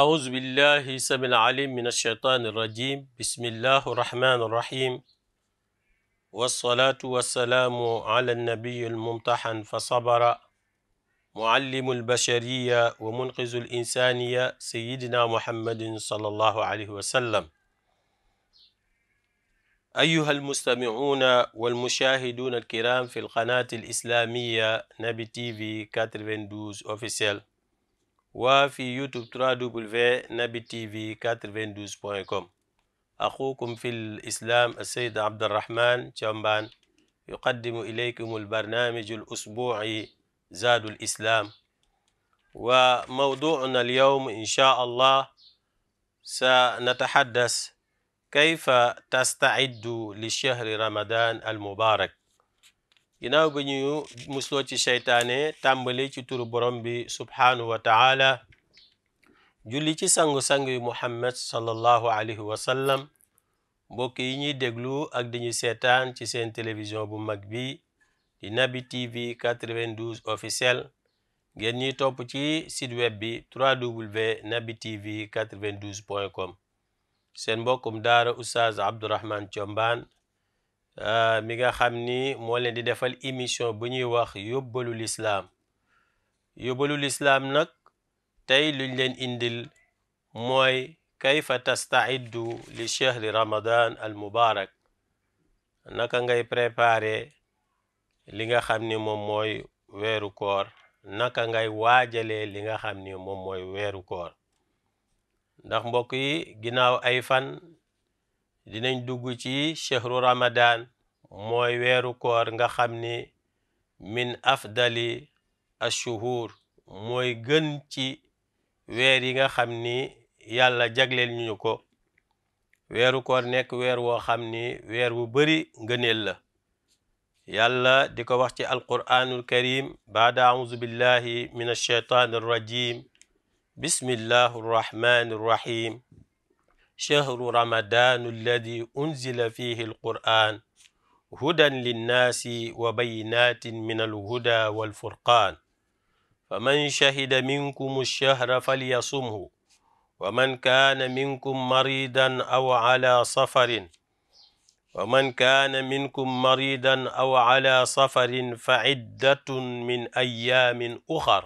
أعوذ بالله سميع العليم من الشيطان الرجيم بسم الله الرحمن الرحيم والصلاة والسلام على النبي الممتحن فصبر معلم البشرية ومنقذ الإنسانية سيدنا محمد صلى الله عليه وسلم أيها المستمعون والمشاهدون الكرام في القناة الإسلامية نبي تي في 92 أوفيسيال waa fi youtube 3w nabi tv 92 point com axukum fi l islam asayid abdurrahman Thiombane yuqaddimu ilaykum albarnamiju l usbuuci zaadu l islam wa mawduuna alyowm inchaa allah sa nataxaddas kayfa tastaciddu li shahri ramadan almubarak ginnaaw bi ñu musloo ci seytaane tàmbali ci turu borom bi subhaanahu wa julli ci sangu sangu yu muhammad sallallahu alayhi wa sallam mbokk yi ñuy déglu ak dañu seetaan ci seen télévision bu mag bi di Nabi TV 92 officiel ngeen ñuy topp ci site bi www.nabitv 92 point com seen mbokkum daara oustaz Abdourahmane Thiombane Euh, mi nga xam ni moo leen di defal émission bu ñuy wax yóbbalu lislaam yóbbalu lislaam nag tey luñ leen indil mooy kayfa tastaiddu li chehri ramadan al mubarak naka ngay préparer li nga xam ni moom mooy weeru koor naka ngay waajale li nga xam ni moom mooy weeru koor ndax mbokk yi ay fan dinañ dugg ci chehru ramadan mooy weeru koor nga xam ni min afdali ashuhur mooy gën ci weer yi nga xam ni yàlla jagleel ñu ko weeru koor nekk weer woo xam ni weer wu bari ngëneel la yàlla di ko wax ci alquraanul karim baada auzu billahi min alsheytaan arrajim bismillahi arrahmani arrahim shahru ramadanu alladi unzila fihi alquran hudan linnaasi wa bayinatin min alhuda walfurqaan faman shahida minkum alshahra falyasumhu wa man kaana minkum maridan aw ala safarin wa man kaana minkum maridan aw ala safarin fa iddatun min ayaamin uxar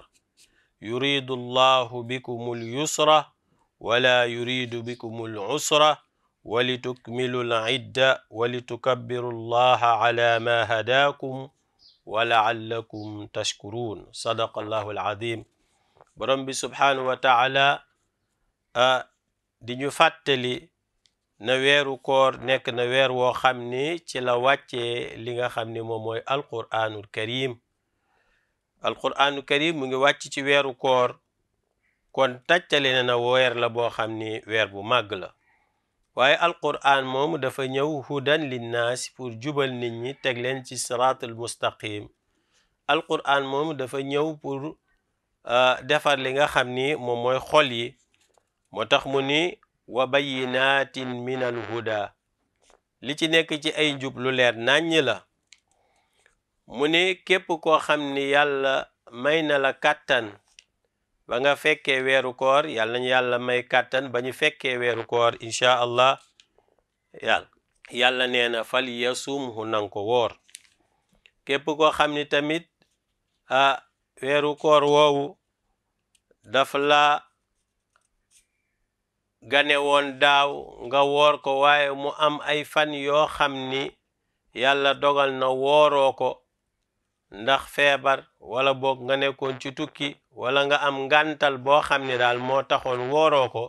yuridu allahu bikum alyusra wala yuridu bikumul usra wali tukmilul idda wali tukabbiru llaha ala ma hadaakum wa laallakum tashkuruun sadaqa allahu alazim borom bi subhaanahu wa taala di ñu fàttali na weeru koor nekk na weer woo xam ni ci la wàccee li nga xam ni moom mooy alquraanul karim alquraanul karim mu ngi wàcc ci weeru koor kon tàccali na na weer la boo xam ni weer bu màgg la waaye alquran moom dafa ñëw hudan linnaas pour jubal nit ñi teg leen ci siraatul mustaqim alquran moomu dafa ñëw pour euh, defar li nga xam ni moom mooy xol yi moo tax mu ni wa bayinaatin min al huda li ci nekk ci ay njub lu leer nàññi la mu ni képp koo xam ni yàlla may na la kàttan ba nga fekkee weeru koor yàlla nañu yàlla may kàttan ba ñu fekkee weeru koor incha allah yàlla yàlla nee na fal yasumhu nanga ko woor képp koo xam ni tamit ah weeru koor woowu daf la gane woon daaw nga woor ko waaye mu am ay fan yoo xam ni yàlla dogal na wooroo ko ndax feebar wala boog nga nekkoon ci tukki wala nga am ngantal boo xam ne daal moo taxoon wooroo ko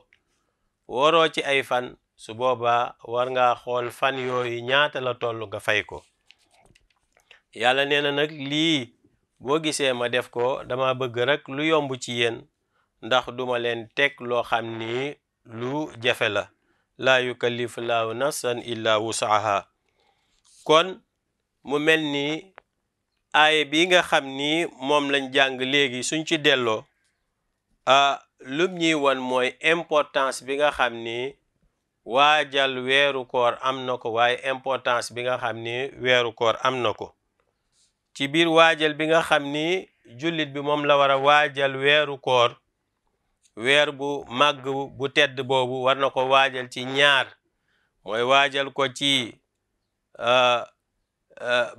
wooroo ci ay fan su boobaa war ngaa xool fan yooyu ñaata la toll nga fay ko yàlla nee na nag lii boo gisee ma def ko dama bëgg rekk lu yomb ci yéen ndax duma leen teg loo xam ni lu jafe la laa yukallifu laahu nafsan illaa wusaaha kon mu mel ni aay bi nga xam ni moom lañ jàng léegi suñ ci delloo lum ñi wan mooy importance bi nga xam ni waajal weeru koor am na ko waaye importance bi nga xam ni weeru koor am na ko ci biir waajal bi nga xam ni jullit bi moom la war a waajal weeru koor weer bu màgg bu tedd boobu war na ko waajal ci ñaar mooy waajal ko ci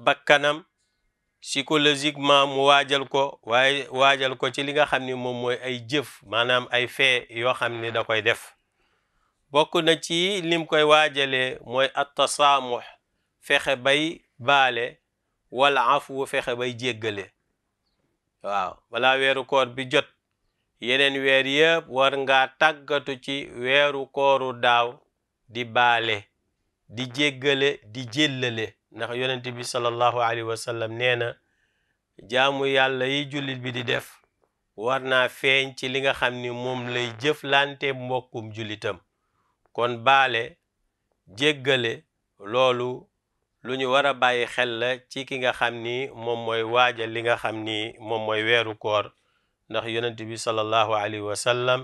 bakkanam psychologiquement mu waajal ko waaye waajal ko ci li nga xam ni moom mooy ay jëf maanaam ay fee yoo xam ni da koy def bokk na ci lim koy waajale mooy attasaamuh fexe bay baale wala afu fexe bay jéggale waaw balaa weeru koor bi jot yeneen weer yëpp war nga tàggatu ci weeru kooru daaw di baale di jéggale di jéllale ndax yonent bi sallallahu alayhi wa sallam nee na jaamu yàlla yi jullit bi di def war naa feeñ ci li nga xam ni moom lay jëflante mbokkum julitam kon baale jéggale loolu lu ñu war a bàyyi xel la ci ki nga xam ni moom mooy waajal li nga xam ni moom mooy weeru koor ndax yonent bi sallallahu alayhi wa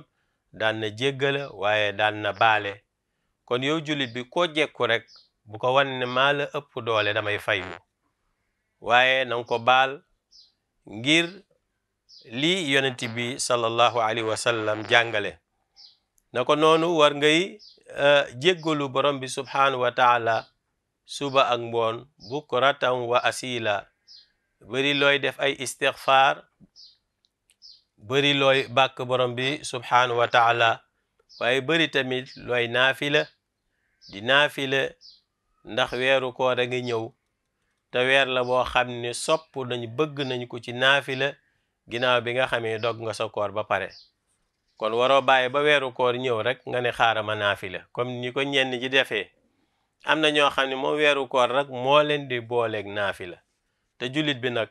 daan na jéggale waaye daan na baale kon yow jullit bi koo jekku rek bu ko wan ne maa ëpp doole damay fayu waaye na ko baal ngir lii yonent bi sallallahu alayhi wa sallam jàngale na ko noonu war ngay e, jéggalu borom bi subhaanahu wa taala suba ak ngoon bukratan wa asila bëri looy def ay istixfaar bëri looy bàkk borom bi wa taala waaye bëri tamit looy naafila di naafila ndax weeru koor a ngi ñëw te weer la boo xam ne sopp nañu bëgg nañu ko ci naafi la ginnaaw bi nga xamee dog nga sa koor ba pare kon waroo bàyyi ba weeru koor ñëw rek nga ne xaaral ma la comme ni ko ñenn ji defee am na ñoo xam ne moom weeru koor rek moo leen di booleeg la te jullit bi nag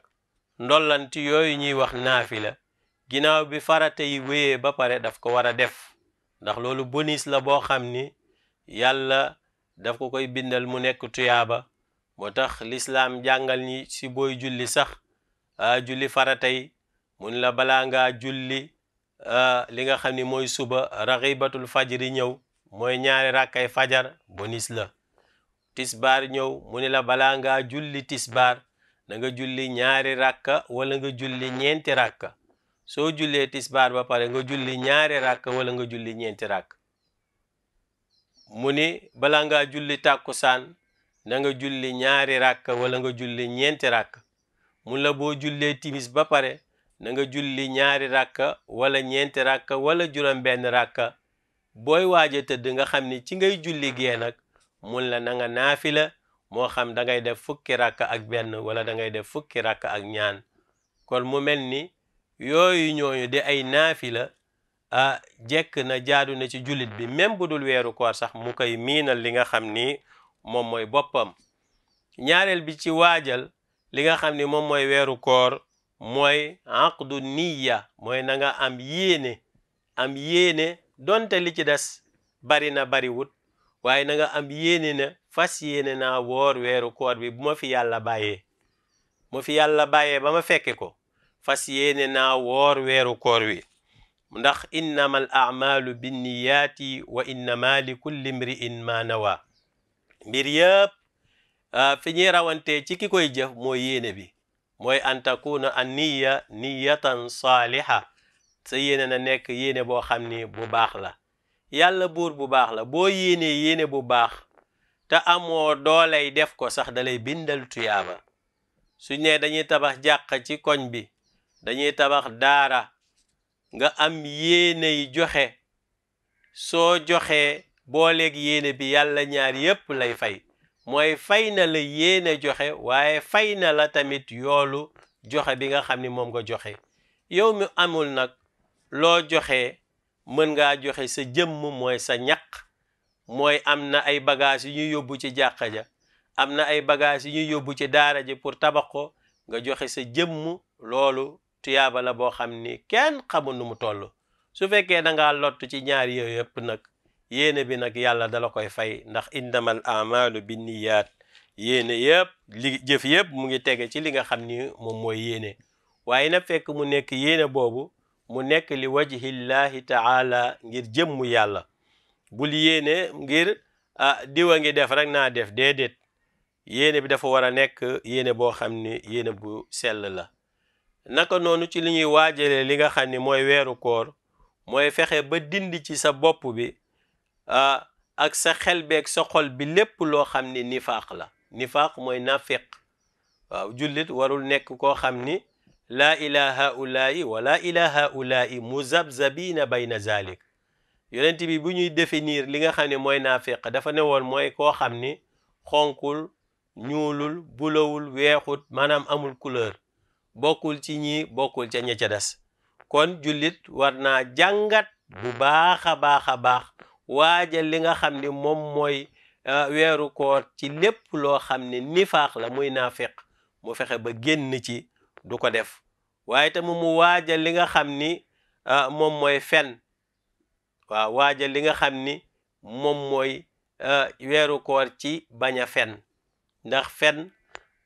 ndollanti yooyu ñuy wax naafi la ginnaaw bi farata yi wéyee ba pare daf ko war a def ndax loolu bonus la boo xam ni yàlla daf ko koy bindal mu nekk tuyaaba moo tax lislaam jàngal ñi si booy julli sax julli faratay mun la balaa ngaa julli li nga xam ni mooy suba raxibatul fajri ñëw mooy ñaari rakkay fajar bonis la tisbaar ñëw mu ni la balaa ngaa julli tisbaar na nga julli ñaari rakka wala nga julli ñeenti rakka soo jullee tisbaar ba pare nga julli ñaari rakka wala nga julli ñeenti ràkk mu ni bala ngaa julli tàkkusaan na nga julli ñaari ràkk wala nga julli ñeenti ràkk mun la boo jullee timis ba pare na nga julli ñaari ràkk wala ñeenti ràkk wala juróom-benn ràkk booy waaja tëdd nga xam ni ci ngay julli gee nag mun la na nga naafila moo xam dangay def fukki ràkk ak benn wala dangay def fukki ràkk ak ñaan kon mu mel ni yooyu ñooñu di ay naafi la Ah, jekk na jaadu na ci jullit bi même bu dul weeru koor sax mu koy miinal li nga xam ni moom mooy boppam ñaareel bi ci waajal li nga xam ni moom mooy weeru koor mooy du niya mooy na nga am yéene am yéene donte li ci des bari na bariwut waaye na nga am yéene na fas yéene naa woor weeru koor bi bu ma fi yàlla bàyyee mu fi yàlla bàyyee ba ma fekke ko fas yéene naa woor weeru koor wi ndax innama al aamalu binniyaati wa innama li kulli mri'in ma nawa mbir yëpp fi ñuy rawante ci ki koy jëf mooy yéene bi mooy an takuna an niya niyatan saaliha sa yéene na nekk yéene boo xam ni bu baax la yàlla buur bu baax la boo yéenee yéene bu baax te amoo doolay def ko sax dalay bindal tuyaaba su ne dañuy tabax jàq ci koñ bi dañuy tabax daara nga am yéeney joxe soo joxee booleeg yéene bi yàlla ñaar yépp lay fay mooy fay na la yéene joxe waaye fay na la tamit yoolu joxe bi nga xam ni moom nga joxe yow mi amul nag loo joxe mën ngaa joxe sa jëmm mooy sa ñaq mooy am na ay bagages yu ñuy yóbbu ci jàq ja am na ay bagages yu ñuy yóbbu ci daara ji pour tabax ko nga joxe sa jëmm loolu tuyaaba boo xam ni kenn xamul nu mu toll su fekkee da ngaa lott ci ñaar yooyu yëpp nag yéene bi nag yàlla dala koy fay ndax innamal amalu binniyaat yéene yëpp li jëf yëpp mu ngi tege ci li nga xam ni moom mooy yéene waaye na fekk mu nekk yéene boobu mu nekk li wajhillahi taala ngir jëmmu yàlla bul yéene ngir ah diwa ngi def rek naa def déedéet yéene bi dafa war a nekk yéene boo xam ni yéene bu sell la naka noonu ci li ñuy waaje li nga xam ni mooy weeru koor mooy fexe ba dindi ci sa bopp bi ak sa xel beeg sa xol bi lépp loo xam ni nifaaq la nifaaq mooy nafiq waaw jullit warul nekk koo xam ni laa ilaa haulaayi wala ilaa haulaayi muzabzabina bayna zalik yonent bi bu ñuy definir li nga xam ne mooy nafiq dafa ne woon mooy koo xam ni xonkul ñuulul bulawul weexut maanaam amul couleur bokkul ci ñi bokkul ca ña ca des kon jullit war naa jàngat bu baax a baax a baax waajal li nga xam ni moom mooy euh, weeru koor ci lépp loo xam ni nifaax la muy naafiq mu fexe ba génn ci du ko def waaye tam mu waajal li nga xam ni euh, moom mooy fen waaw waajal li nga xam ni moom mooy euh, weeru koor ci bañ a fen ndax fen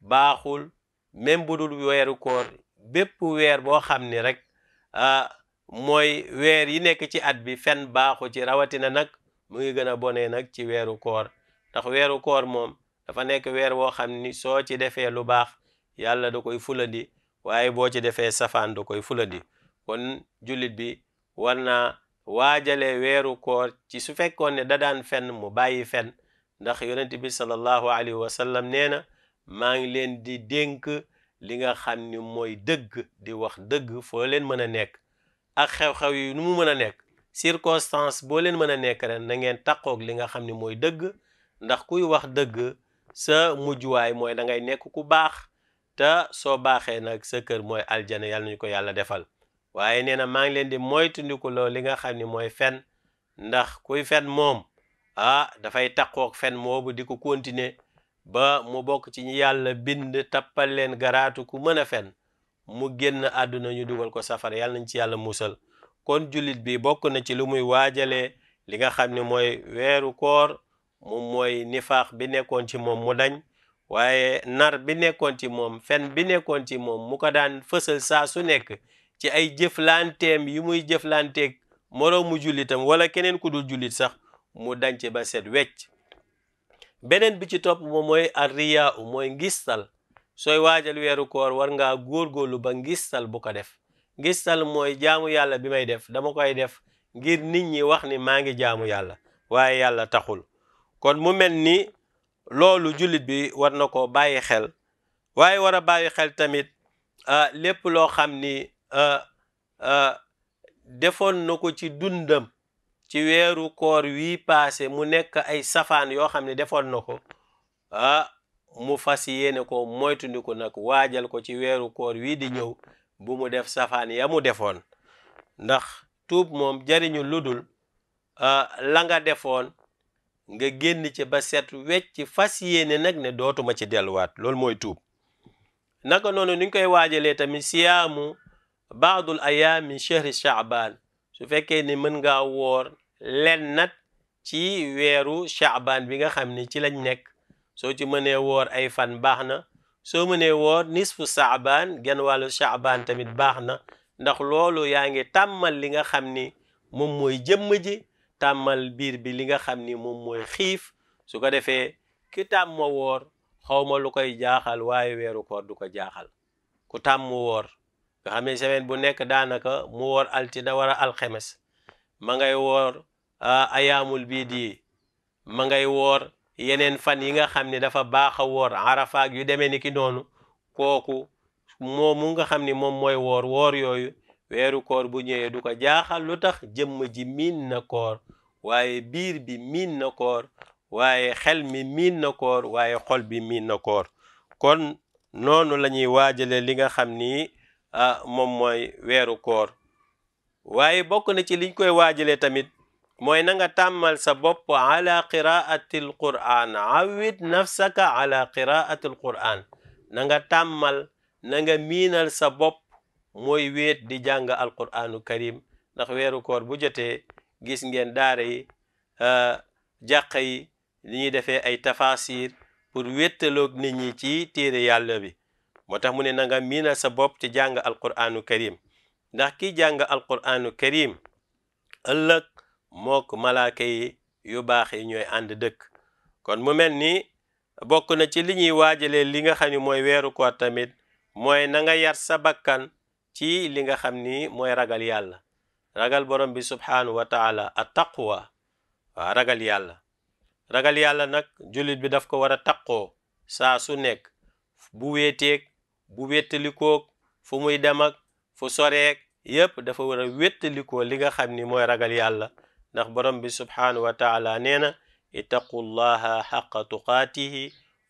baaxul même bu dul weeru koor bépp weer boo xam ni rek a ah, mooy weer yi nekk ci at bi fen baaxu ci rawatina nag mu ngi gën a bone nag ci weeru koor ndax weeru koor moom dafa nekk weer woo xam ni soo ci defee lu baax yàlla da koy fulandi waaye boo ci defee safaan da koy fulandi kon jullit bi war naa waajalee weeru koor ci su fekkoon ne da daan fen mu bàyyi fen ndax yonent bi sallallahu alayhi wa sallam nee na maa ngi leen di dénk li nga xam ni mooy dëgg di wax dëgg foo leen mën a nekk ak xew-xew yi nu mu mën a nekk circonstance boo leen mën a nekk ren na ngeen taqoog li nga xam ni mooy dëgg ndax kuy wax dëgg sa mujjuwaay mooy da ngay nekk ku baax te soo baaxee nag sa kër mooy aljane yàlla nañu ko yàlla defal waaye nee na maa ngi leen di moytandiku loo li nga xam ni mooy fen ndax kuy fen moom ah dafay taqoog fen moobu di ko continuer ba mu bokk ci ñi yàlla bind tappal leen garaatu ku mën a fen mu génn àdduna ñu dugal ko safara yàlla nañ ci yàlla musal kon julit bi bokk na ci lu muy waajale li nga xam ne mooy weeru koor moom mooy nifaax bi nekkoon ci moom mu dañ waaye nar bi nekkoon ci moom fen bi nekkoon ci moom mu ko daan fësal saa su nekk ci ay jëflanteem yi muy jëflanteeg mu julitam wala keneen ku dul jullit sax mu dañ ci ba set wecc beneen bi ci topp moom mooy arriya u mooy ngistal sooy waajal weeru koor war ngaa góor góorlu ba ngistal bu ko def ngistal mooy jaamu yàlla bi may def dama koy def ngir nit ñi wax ni maa ngi jaamu yàlla waaye yàlla taxul kon mu mel ni loolu jullit bi war na ko bàyyi xel waaye war a bàyyi xel tamit lépp loo xam ni defoon na ko ci dundam ci weeru koor wii paase mu nekk ay safaan yoo xam ne defoon na ko ah mu fas yéene ko moytundiku nag waajal ko ci weeru koor wii di ñëw bu mu def safaan ya mu defoon ndax tuub moom jariñu ludul ah, la nga defoon nga génn ci ba set wecc fas yéene nag ne dootuma ci delluwaat loolu mooy tuub naka noonu ni koy waajalee tamit siyaamu baadul ayaam min chehri su fekkee ni mën nga woor len nag ci weeru chaaban bi nga xam ne ci lañ nekk soo ci mënee woor ay fan baax na soo mënee woor nisfu chaaban genn wàllu chaaban tamit baax na ndax loolu yaa ngi tàmmal li nga xam ni moom mooy jëmm ji tàmmal biir bi li nga xam ni moom mooy xiif su ko defee ki tàmm woor xawma lu koy jaaxal waaye weeru koor du ko jaaxal ku tàmm woor nga xam ne semaine bu nekk daanaka mu woor altine wala alxemes ma ngay woor Ah, ayamul bii di ma ngay woor yeneen fan yi nga xam ne dafa baax woor arafaak yu demee ni ki noonu kooku moomu nga xam ni moom mooy woor woor yooyu weeru koor bu ñëwee du ko jaaxal lu tax jëmm ji miin na koor waaye biir bi miin na koor waaye xel mi miin na koor waaye xol bi miin na koor kon noonu lañuy waajale li nga xam ni ah, moom mooy weeru koor waaye bokk na ci liñ koy waajalee tamit mooy nanga tàmmal sa bopp ala qiraatil qur'an awit nafsaka ala qiraatil qur'an tàmmal na nga miinal sa bopp mooy wéet di jàng alqur'anu karim ndax weeru koor bu jote gis ngeen daara yi euh, jàqa yi li ñuy defee ay tafasir pour wéttaloog nit ñi ci téere yàlla bi moo tax mu ne nanga miinal sa bopp ci jàng alqur'anu karim ndax ki jàng alqur'anu karim ëllëg mook malaaka yi yu baax yi ñooy ànd dëkk kon mu mel nii bokk na ci li ñuy waajalee li nga xam ni mooy weeru ko tamit mooy nanga yar sa bakkan ci li nga xam ni mooy ragal yàlla ragal borom bi subhaanahu wa taala a taqwa waaw ragal yàlla ragal nag jullit bi daf ko war a taqoo saa su nekk bu wéeteeg bu wéttalikoog fu muy dem ak fu soreeg yépp dafa war a wéttalikoo li nga xam ni mooy ragal yàlla ndax borom bi subhaanahu wa taala nee na ittaqullaha xaqa tuqaatihi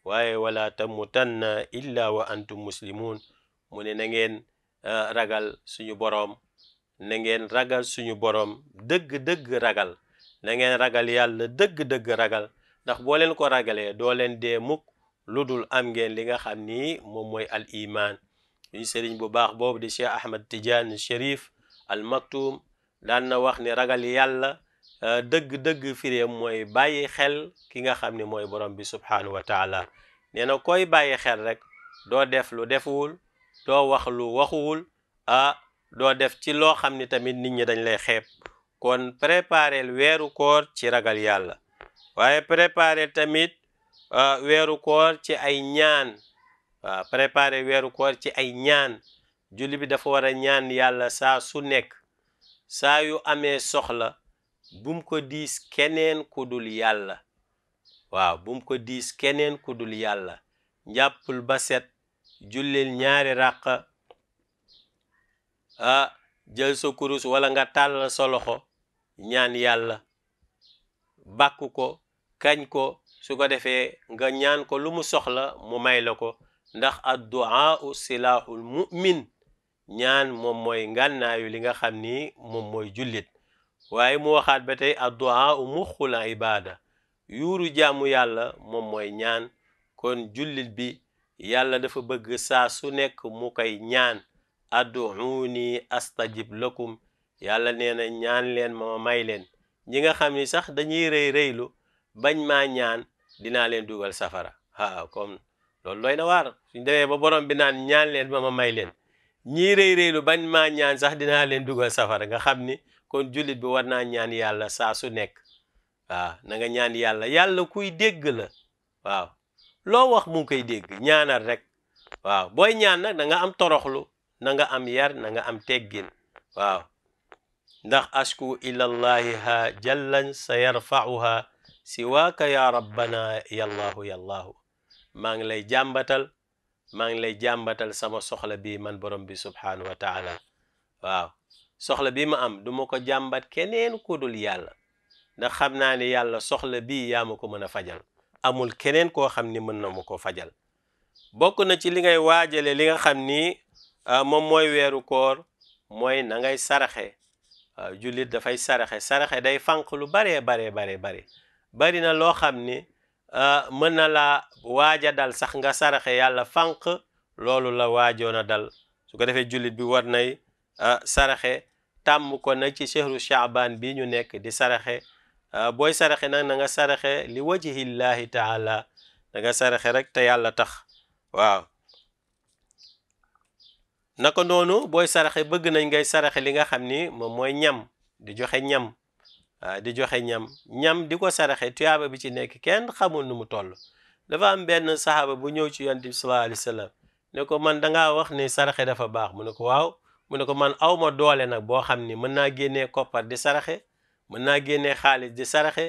waaye wala tamutanna illa wa antum muslimun mu ne na ngeen eh, ragal suñu boroom na ngeen ragal suñu boroom dëgg-dëgg ragal na ngeen ragal yàlla dëgg-dëgg ragal ndax boo leen ko ragalee doo leen dee muk lu dul am ngeen li nga xam ni moom mooy al iman suñu sëriñ bu baax boobu di Cheikh Ahmad Tidiane Chérif al Maktoum na wax ni ragal yàlla Euh, dëgg-dëgg firéem mooy bàyyi xel ki nga xam ni mooy borom bi subhaanahu wa taala nee koy bàyyi xel rek doo def lu defuwul doo wax lu waxuwul ah doo def ci loo xam ni tamit nit ñi dañ lay xeeb kon préparer weeru koor ci ragal yàlla waaye tamit weeru koor ci ay ñaan waaw préparer weeru koor ci ay ñaan julli bi dafa war a ñaan yàlla saa su nekk saa yu amee soxla bum ko diis keneen ku yàlla waaw bum ko diis keneen ku yàlla njàppul ba set jullil ñaari ràq a jël sa kurus wala nga tàll sa loxo ñaan yàlla bàkk ko kañ ko su ko defee nga ñaan ko lu mu soxla mu may la ko ndax adduaa u silaahul mu'min ñaan moom mooy ngànnaayu li nga xam ni moom mooy jullit waaye mu waxaat ba tey addu'a u muxul ibaada yuuru jaamu yàlla moom mooy ñaan kon jullit bi yàlla dafa bëgg saa su nekk mu kay ñaan adduuni astajib lakum yàlla nee na ñaan leen ma may leen ñi nga xam ni sax dañuy rëy rëylu bañ maa ñaan dinaa leen dugal safara haa comme loolu na waar suñ demee ba borom bi naan ñaan leen may leen ñii rëy bañ maa sax dinaa leen dugal safara nga xam ni kon julit bi war naa ñaan yàlla saa su nekk waaw na nga ñaan yàlla yàlla kuy dégg la waaw loo wax mu ngi koy dégg ñaanal rek waaw booy ñaan nag am toroxlu nanga am yar nanga am teggin waaw ndax ashku ilallahi ha jallan sa yarfauha siwaaka ya rabbana yallaahu yallaahu maa ngi lay jàmbatal ngi lay jàmbatal sama soxla bi man borom bi subhaanahu wa soxla bi ma am du ma ko jàmbat keneen ku dul yàlla ndax xam naa ni yàlla soxla bi yaa ma ko mën a fajal amul keneen koo xam ni mën na ma ko fajal bokk na ci li ngay waajale li nga xam ni ah, moom mooy weeru koor mooy na ngay saraxe ah, jullit dafay saraxe saraxe day fànq lu baree baree baree bare bari na loo xam ni ah, mën na laa waaja dal sax nga saraxe yàlla fànq loolu la waajoon a dal su ko defee jullit bi war nay saraxe tàmm ko nag ci chehru chaabaan bi ñu nekk di saraxe euh, booy saraxe nag na nga saraxe li wajhillahi taala da nga saraxe rek te yàlla tax waaw naka noonu booy saraxe bëgg nañ ngay saraxe li nga xam ni moom mooy ñam di joxe ñam di joxe ñam ñam di ko saraxe tuyaaba bi ci nekk kenn xamul nu mu toll dafa am benn saxaaba bu ñëw ci yonent bi sallallahu sallam ne ko man dangaa wax ne saraxe dafa baax mu ne ko waaw mu ne ko man awma doole nag boo xam ni mën naa génnee koppar di saraxe mën naa génnee xaalis di saraxe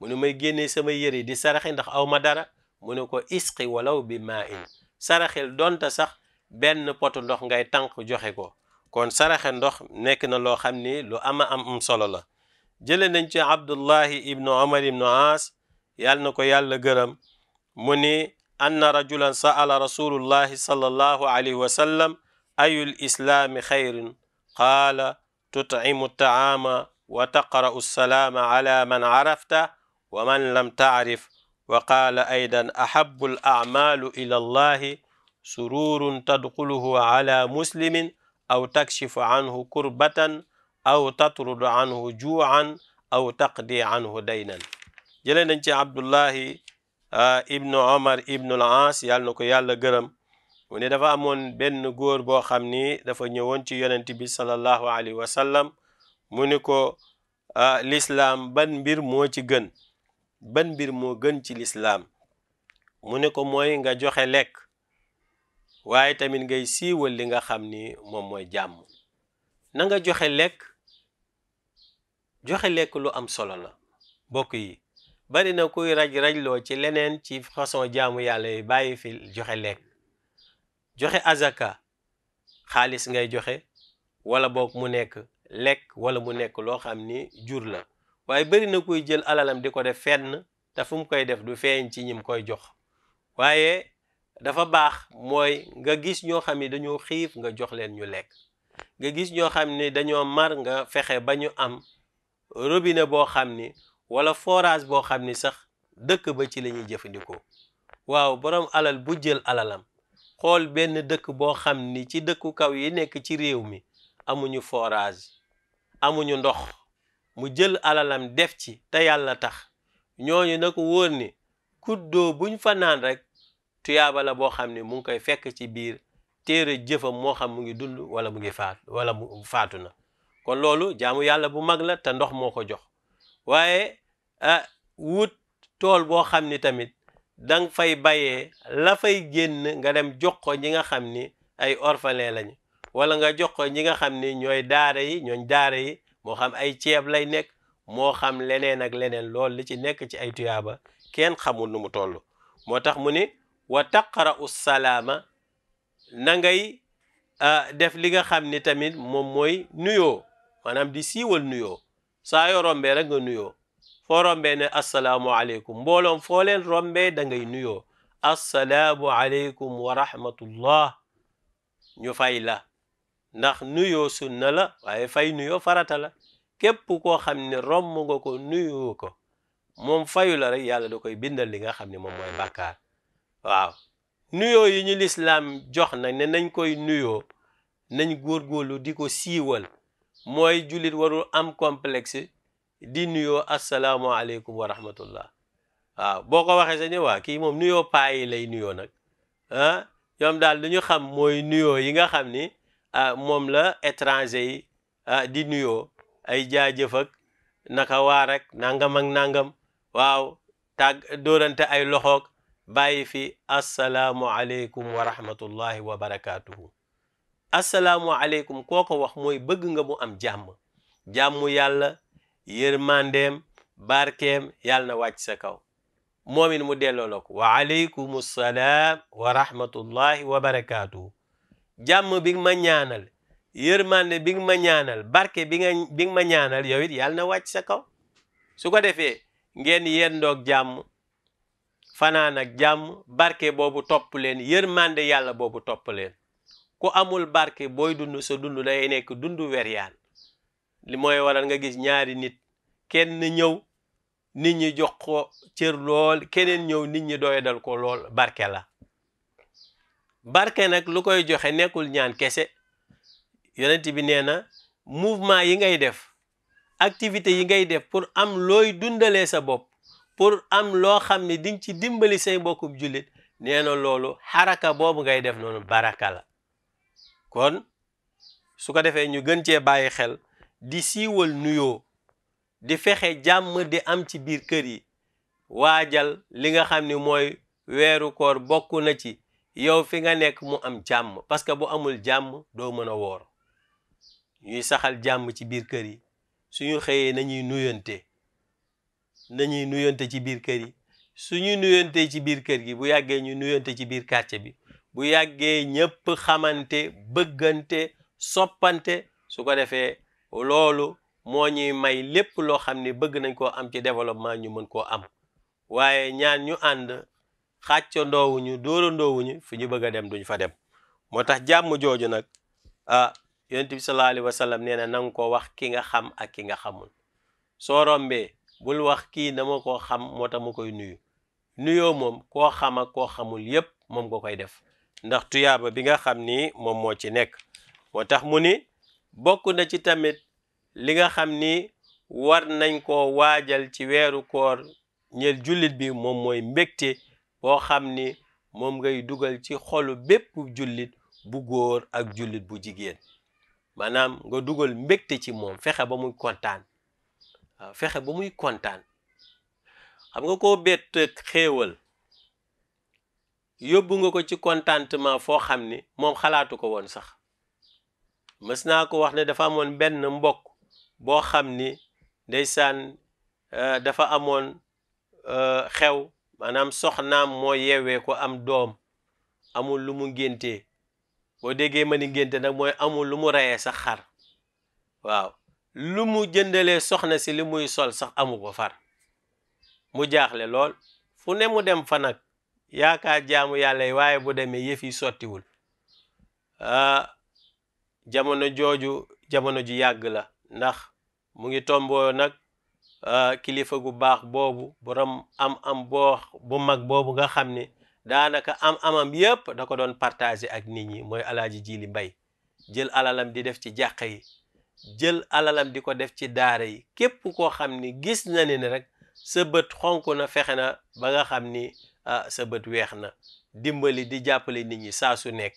mu ne may génnee sama yëre di saraxe ndax awma dara mu ne ko isqi walaw bi maa saraxel donte sax benn potu ndox ngay tànk joxe ko kon saraxe ndox nekk na loo xam ni lu ama am am solo la jële nañ ci abdullahi ibnu omar ibnu aas yàlla na ko yàlla gërëm mu ni anna rajulan sa'ala rasulullahi sallallahu alayhi wa ayul islaami xayrin qaala tutcimu taama wa taqra'u salaama ala man carafta wa man lam tacrif wa qaala aydan ahabu al acmaalu ila allahi sururun tadxuluhu ala muslimin aw takshifu canhu kurbatan aw tatrudu canhu juucan aw taqdi canhu daynan jëlee nañ ci abdullahi ah, ibnu omar ibnu al aas yàlla na ko yàlla gërëm mu ne dafa amoon benn góor boo xam ni dafa ñëwoon ci yonent bi sallallahu alayhi wa sallam mu ni ko ah, lislaam ban mbir moo ci gën ban mbir moo gën ci lislaam mu ne ko mooy nga joxe lekk waaye tamit ngay siiwal li nga xam ni moom mooy jàmm na nga joxe lekk joxe lekk lu am solo la mbokk yi bari na kuy raj rajloo ci leneen ci façon jaamu yàlla yi bàyyi fi joxe lekk joxe azaka xaalis ngay joxe wala boog mu nekk lekk wala mu nekk loo xam ni jur la waaye bëri na koy jël alalam di ko def fenn te koy def du feeñ ci ñim koy jox waaye dafa baax mooy nga gis ñoo xam ni dañoo xiif nga jox leen ñu lekk nga gis ñoo xam ni dañoo mar nga fexe ba ñu am robine boo xam ni wala forage boo xam ni sax dëkk ba ci lañuy jëfandikoo waaw boroom alal bu jël alalam xool benn dëkk boo xam ni ci dëkku kaw yi nekk ci réew mi amuñu forage amuñu ndox mu jël alalam def ci te yàlla tax ñooñu na ko wóor ni kuddo buñ fanaan naan rek tuyaaba boo xam ni mu ngi koy fekk ci biir téere jëfam moo xam mu ngi dund wala mu ngi faat wala mu faatu na kon loolu jaamu yàlla bu mag la te ndox moo ko jox waaye ah, wut tool boo xam ni tamit dang fay bayee la fay génn nga dem jox ko ñi nga xam ni ay orphelin lañu wala nga jox ko ñi nga xam ni ñooy daara yi ñooñ daara yi moo xam ay ceeb lay nekk moo xam leneen ak leneen lool li ci nekk ci ay tuyaaba kenn xamul nu mu toll moo tax mu ni wa taqra'u salaama na ngay def li nga xam ni tamit moom mooy nuyoo maanaam di siiwal nuyoo saa yoo rombee rek nga nuyoo foo rombee ne asalaamualeykum mbooloom foo leen rombee da ngay nuyoo asalaamualeykum wa rahmatullah ñu fay la ndax nuyoo sunna la waaye fay nuyoo farata la képp koo xam ne romb nga ko nuyoo ko moom fayu la rek yàlla da koy bindal li nga xam ni moom mooy bàkkaar waaw nuyoo yi ñu lislaam jox nag ne nañ koy nuyoo nañ góorgóorlu di ko siiwal mooy julit warul am complexe di nuyoo asalaamualeykum wa rahmatullah waaw boo ko waxee sa ne waa kii moom nuyoo paa lay nuyoo nag ah ñoom daal lu ñu xam mooy nuyoo yi nga xam ni ah, moom la étranger yi ah, di nuyoo ay jaajëf ak naka waar ak nangam ak nangam waaw tàgg dóorante ay loxoog bàyyi fi asalaamualeykum wa rahmatullahi wa barakaatuhu asalaamualeykum koo ko wax mooy bëgg nga mu am jàmm jàmm yàlla yërmandeem barkeem yàlla na wàcc sa kaw moomin mu delloo ko wa aleykum salaam wa rahmatullahi wa barakaatu jàmm bi nga ma ñaanal yërmande bi nga ma ñaanal barke bi nga ma ñaanal yow it na wàcc sa kaw su ko defee ngeen yendoog jàmm fanaan ak jàmm barke boobu topp leen yërmande yàlla boobu topp leen ku amul barke booy dund sa dund day nekk dundu weryaan li mooy waral nga gis ñaari nit kenn ñëw nit ñi jox ko cër lool keneen ñëw nit ñi doyadal ko lool barke la barke nag lu koy joxe nekkul ñaan kese yonent bi nee na mouvement yi ngay def activité yi ngay def pour am looy dundale sa bopp pour am loo xam ne di nga ci dimbali say mbokkum jullit nee na loolu xaraka boobu ngay def noonu baraka la kon su ko defee ñu gën cee bàyyi xel di siiwal nuyoo di fexe jàmm di am ci biir kër yi waajal li nga xam ni mooy weeru koor bokk na ci yow fi nga nekk mu am jàmm parce que bu amul jàmm doo mën a woor ñuy saxal jàmm ci biir kër yi suñu xëyee nañuy nuyonte nañuy nuyonte ci biir kër yi suñuy nuyonte ci biir kër gi bu yàggee ñu nuyonte ci biir quartier bi bu yàggee ñëpp xamante bëggante soppante su ko defee loolu moo ñuy may lépp loo xam ne bëgg nañ ko am ci développement ñu mën koo am waaye ñaan ñu ànd xàccandoowuñu dóorandoowuñu fu ñu bëgg a dem duñ fa dem moo tax jàmm jooju nag a yonent bi sallallahu alayhi wa sallam ko wax ki nga xam ak ki nga xamul soo rombee bul wax kii dama ko xam moo tax ma koy nuyu nuyoo moom koo xam ak koo xamul yépp moom ko koy def ndax tuyaaba bi nga xam ni moom moo ci nekk moo tax mu ni bokk na ci tamit li nga xam ni war nañ ko waajal ci weeru koor ñeel jullit bi moom mooy mbégte boo xam ni moom ngay dugal ci xolu bépp jullit bu góor ak jullit bu jigéen maanaam nga dugal mbégte ci moom fexe ba muy kontaan fexe ba muy kontaan xam nga ko bett xéewal yóbbu nga ko ci contentement foo xam ni moom xalaatu ko woon sax mës naa ko wax ne dafa amoon benn mbokk boo xam ni day saan euh, dafa amoon euh, xew maanaam soxnaam moo yeewee ko am doom amul lu mu ngéntee boo déggee ma ni ngénte nag mooy amul lu mu reyee sax xar waaw lu mu jëndalee soxna si li muy sol sax amu ko far mu jaaxle lool fu ne mu dem fa nag yaakaar jaamu yàlla waaye bu demee yëf sottiwul euh, jamono jooju jamono ju yàgg la ndax mu ngi tomboo nag euh, kilifa gu baax boobu rom am am boo bu mag boobu nga xam ne daanaka am amam yépp da ko doon partager ak nit ñi mooy alaaji jili mbay jël alalam di def ci jàqa yi jël alalam di ko def ci daara yi képp koo xam ni gis na ne ni rek sa bët xonk na fexe na ba nga xam ni ah, sa bët weex na dimbali di jàppale nit ñi saa su nekk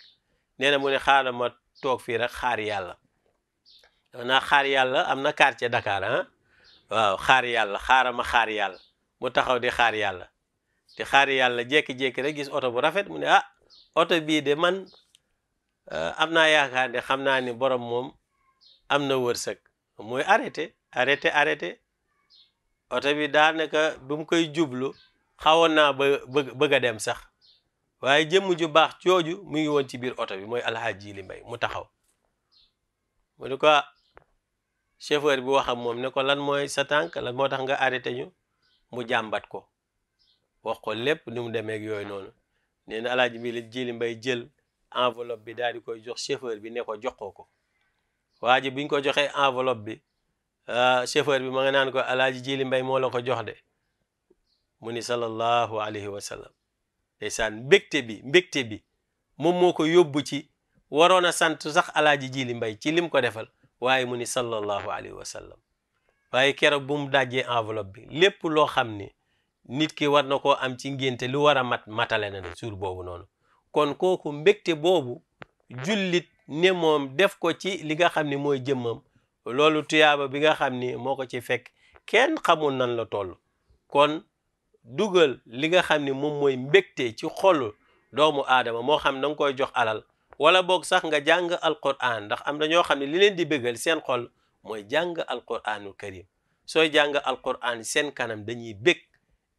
nee mu ne xaaral toog fii rek xaar yàlla dama naa xaar yàlla am na quartier Dakar ah waaw xaar yàlla xaaral ma xaar yàlla mu taxaw di xaar yàlla di xaar yàlla jékki-jékki rek gis oto bu rafet mu ne ah oto bii de man euh, am naa yaakaar ne xam naa ni borom moom am na wërsëg mooy arrêté arrêté arrêté oto bi daanaka bi mu koy jublu xawoon naa ba bëgg a dem sax waaye jëmm ju baax jooju mu ngi woon ci biir oto bi mooy alxaaji li mbay mu taxaw mu ne ko chauffeur bi wax moom ne ko lan mooy sa tànk lan moo tax nga arrêté ñu mu jàmbat ko wax ko lépp ni mu demee yooyu noonu nee na alaaji bi jili mbay jël enveloppe bi daal di koy jox chauffeur bi ne ko jox ko ko waa ji biñ ko joxee enveloppe bi ah, chauffeur bi ma nga naan ko alaaji jili mbay moo ko jox de mu ni sallallahu alayhi wa ndeysaan mbégte bi mbégte bi moom moo ko yóbbu ci waroon a sant sax alaaji jili mbay ci lim ko defal waaye mu ni sallallahu alayhi wa sallam waaye keroog bu mu dajjee enveloppe bi lépp loo xam ne nit ki war na ko am ci ngénte lu war a mat matale na suur boobu noonu kon kooku mbégte boobu jullit ne moom def ko ci li nga xam ne mooy jëmmam loolu tuyaaba bi nga xam ni moo ko ci fekk kenn xamul nan la toll dugal li nga xam ni moom mooy mbégte ci xolu doomu aadama moo xam na nga koy jox alal wala boog sax nga jàng alquran ndax am na ñoo xam ne li leen di bëggal seen xol mooy jàng alquranul karim sooy jàng alquran seen kanam dañuy bég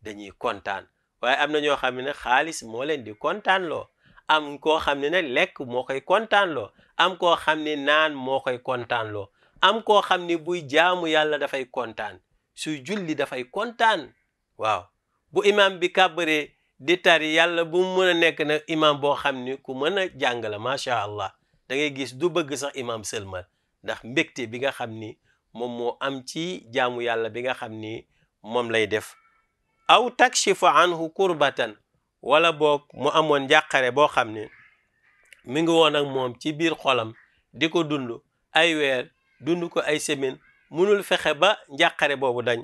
dañuy kontaan waaye am na ñoo xam ne xaalis moo leen di kontaanloo am koo xam ne nag lekk moo koy kontaanloo am koo xam ne naan moo koy kontaanloo am koo xam ni buy jaamu yàlla dafay kontaan suy julli dafay kontaan waaw bu imaam bi kàbbaree di tari yàlla bu mu mën a nekk nag imaam boo xam ni ku mën a jàng macha allah da ngay gis du bëgg sax imaam sëlmal ndax mbégte bi nga xam ni moom moo am ci jaamu yàlla bi nga xam ni moom lay def aw takshifu anhu kurbatan wala book mu amoon njàqare boo xam ne mi ngi woon ak moom ci biir xolam di ko dund ay weer dund ko ay semaine munul fexe ba njàqare boobu dañ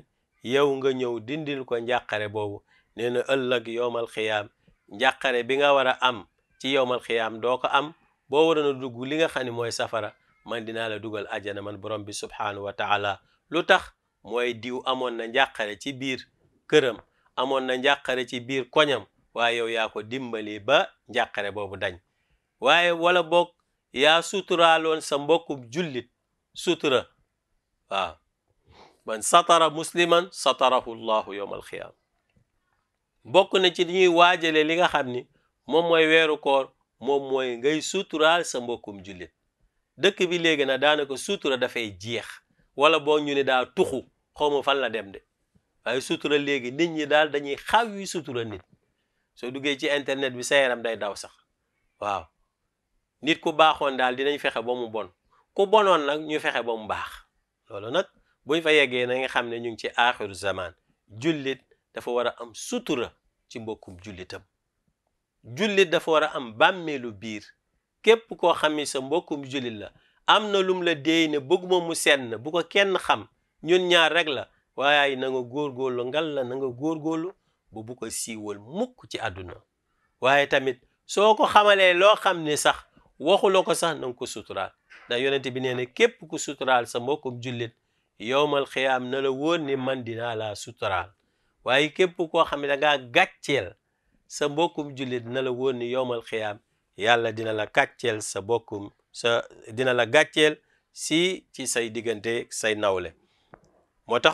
yow nga ñëw dindil ko njàqare boobu nee na ëllëg yowmal xiyaam njàqare bi nga war a am ci yowmal xiyaam doo ko am boo waroon a dugg li nga xam ne mooy safara man dinaa la dugal ajana man borom bi subhaanahu wa taala lu tax mooy diw amoon na njàqare ci biir këram amoon na njàqare ci biir koñam waaye yow yaa ko dimbali ba njàqare boobu dañ waaye wala boog yaa suturaaloon sa mbokku jullit sutura man satara musliman satarahu llahu yowm alxiyaama bokk na ci ñuy waajale li nga xam ni moom mooy weeru koor moom mooy ngay suturaal sa mbokkum jullit dëkk bi léegi na daanaka sutura dafay jeex wala boo ñu ne daa tuxu xawma fan la dem de waaye sutura léegi nit ñi daal dañuy xaw yi sutura nit soo duggee ci internet bi sa yaram day daw sax waaw nit ku baaxoon daal dinañ fexe ba mu bon ku bonoon nag ñu fexe ba mu baax nag buñ fa yeggee na nga xam ne ñu ngi ci aaxiru zaman jullit dafa war a am sutura ci mbokkum jullitam jullit dafa war a am bàmmeelu biir képp koo xam ni sa mbokkum jullit la am na lum la déey ne bëgguma mu senn bu ko kenn xam ñun ñaar rek la waaye na nga góorgóorlu ngal la nanga nga góorgóorlu ba bu ko siiwal mukk ci àdduna waaye tamit soo ko xamalee loo xam ne sax waxuloo ko sax na nga ko suturaal ndax yonent bi nee na képp ku suturaal sa mbokkum jullit yowmal xiyaam na la wóor ni man dina la suturaal waaye képp koo xam ne da ngaa sa mbokkum jullit na la wóor ni yowmal xiyaam yàlla dina la gàcceel sa bokkum sa dina la gàcceel si ci say diggante say nawle moo tax